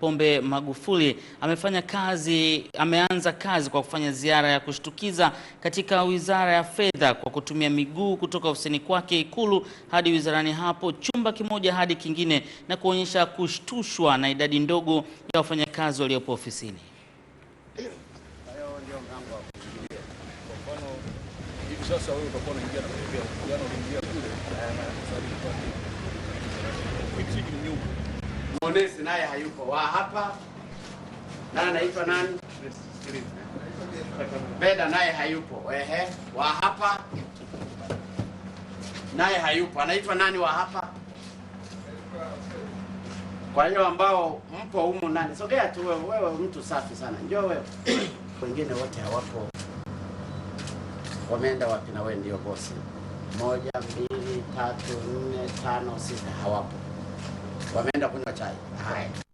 Pombe Magufuli amefanya kazi, ameanza kazi kwa kufanya ziara ya kushtukiza katika Wizara ya Fedha kwa kutumia miguu kutoka ofisini kwake Ikulu hadi wizarani hapo, chumba kimoja hadi kingine, na kuonyesha kushtushwa na idadi ndogo ya wafanyakazi waliopo ofisini. Onesi naye hayupo, wa hapa na anaitwa nani, Beda naye hayupo, ehe, wa hapa naye hayupo, anaitwa nani wa hapa? Kwa hiyo ambao mpo humu nani, sogea tu wewe, wewe mtu safi sana, njoo wewe wengine wote hawapo, wameenda wapi? Na wewe ndio bosi. Moja, mbili, tatu, nne, tano, sita, hawapo wameenda kunywa chai. Haya.